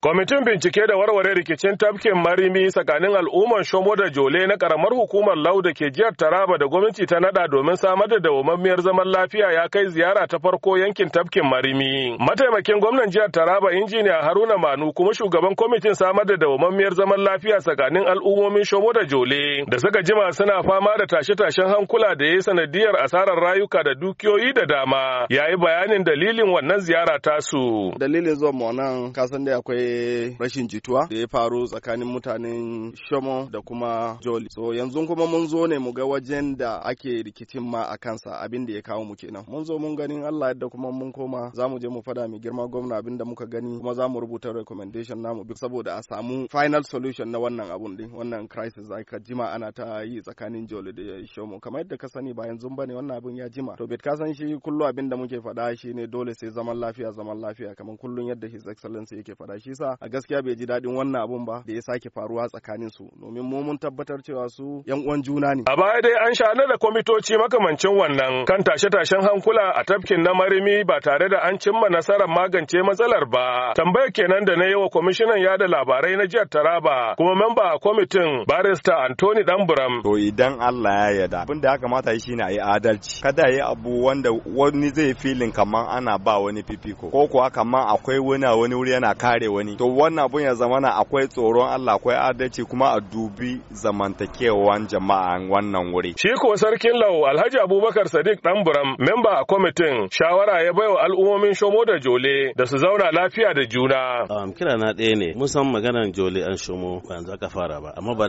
Kwamitin bincike da warware rikicin tafkin marimi tsakanin al'umman Shomo da Jole na karamar hukumar Lau da ke jihar Taraba da gwamnati ta nada domin samar da dawwammamiyar zaman lafiya ya kai ziyara ta farko yankin tafkin marimi. Mataimakin gwamnan jihar Taraba injiniya Haruna Manu kuma shugaban kwamitin samar da dawwammamiyar zaman lafiya tsakanin al'ummomin Shomo da Jole da suka jima suna fama da tashe-tashen hankula da ya yi sanadiyar asarar rayuka da dukiyoyi da dama. Ya yi bayanin dalilin wannan ziyara tasu. Dalilin zuwa mu wannan kasan da akwai Eh, rashin jituwa da ya faru tsakanin mutanen Shomo da kuma Joli. So yanzu kuma mun zo ne mu ga wajen da ake rikicin ma a kansa abin da ya kawo mu kenan. Mun zo mun ganin Allah yadda kuma mun koma za mu je mu fada mai girma gwamna abin da muka gani kuma za mu rubuta recommendation namu duk saboda a samu final solution na wannan abun din wannan crisis aka jima ana ta yi tsakanin Joli da Shomo kamar yadda ka sani ba yanzu bane wannan abun ya jima. To bet ka san shi kullu abin da muke fada shi ne dole sai zaman lafiya zaman lafiya kamar kullun yadda his excellency yake fada shi yasa a gaskiya bai ji daɗin wannan abun ba da ya sake faruwa tsakanin su domin mu mun tabbatar cewa su yan uwan juna ne. A baya dai an sha da kwamitoci makamancin wannan kan tashe-tashen hankula a tafkin na marimi ba tare da an cimma nasarar magance matsalar ba. Tambayar kenan da na yi wa kwamishinan yada labarai na jihar Taraba kuma memba a kwamitin barista Anthony Danburam. To idan Allah ya yarda abin da ya kamata yi shine a yi adalci. Kada yi abu wanda wani zai filin kamar ana ba wani fifiko ko kuwa kamar akwai wani wani wuri yana kare wani zamani to wannan abun ya zamana akwai tsoron Allah akwai adalci kuma a dubi zamantakewan jama'a wannan wuri shi ko sarkin lau Alhaji Abubakar Sadiq dan Buram memba a kwamitin shawara ya baiwa al'ummomin Shomo da Jole da su zauna lafiya da juna um, kira na ɗaya ne musan maganar Jole an Shomo ba yanzu aka fara ba amma ba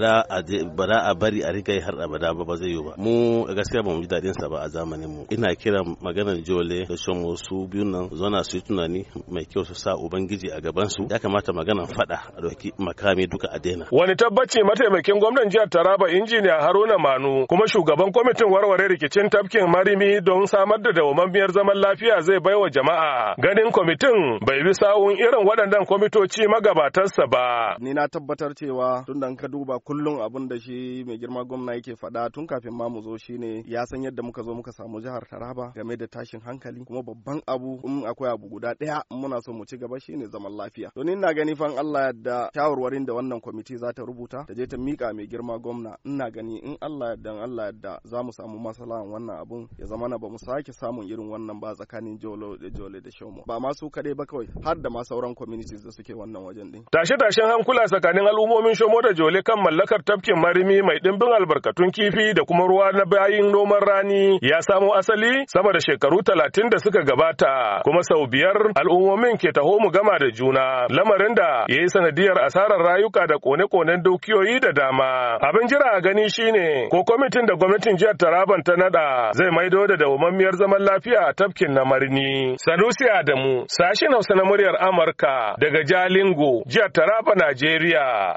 bada a bari a riga har abada ba ba zai yi ba mu gaskiya ba mu ji daɗin sa ba a zamanin mu ina kira maganar Jole da Shomo su biyun nan zona su tunani mai kyau su sa ubangiji a gaban su ya kamata maganan fada a makami duka a daina. Wani tabbaci mataimakin gwamnan jihar Taraba injiniya Haruna Manu kuma shugaban kwamitin warware rikicin tafkin marimi don samar da dawwammamiyar zaman lafiya zai baiwa jama'a. Ganin kwamitin bai bi sawun irin waɗannan kwamitoci magabatarsa ba. Ni na tabbatar cewa tun da ka duba kullum abin da shi mai girma gwamna yake faɗa tun kafin ma mu zo shine ya san yadda muka zo muka samu jihar Taraba game da tashin hankali kuma babban abu in akwai abu guda ɗaya muna so mu ci gaba shine zaman lafiya. Don ina gani fan Allah yadda shawarwarin da wannan kwamiti za ta rubuta ta je ta mika mai girma gwamna ina gani in Allah yadda Allah yadda za mu samu masalahan wannan abun ya zama na ba mu sake samun irin wannan ba tsakanin jolo da jole da shomo ba ma su kadai ba kawai har da ma sauran communities da suke wannan wajen din tashe tashen hankula tsakanin al'ummomin shomo da jole kan mallakar tafkin marimi mai dimbin albarkatun kifi da kuma ruwa na bayin noman rani ya samo asali sama da shekaru talatin da suka gabata kuma sau biyar al'umomin ke taho mu gama da juna lamarin da ya yi sanadiyar asarar rayuka da kone-konen dukiyoyi da dama. Abin jira a gani shine ko kwamitin da gwamnatin jihar Taraban ta nada zai maido da dawwammamiyar zaman lafiya a tafkin na Marni. Sanusi Adamu, sashin Hausa na muryar Amurka daga Jalingo, jihar Taraba, Najeriya.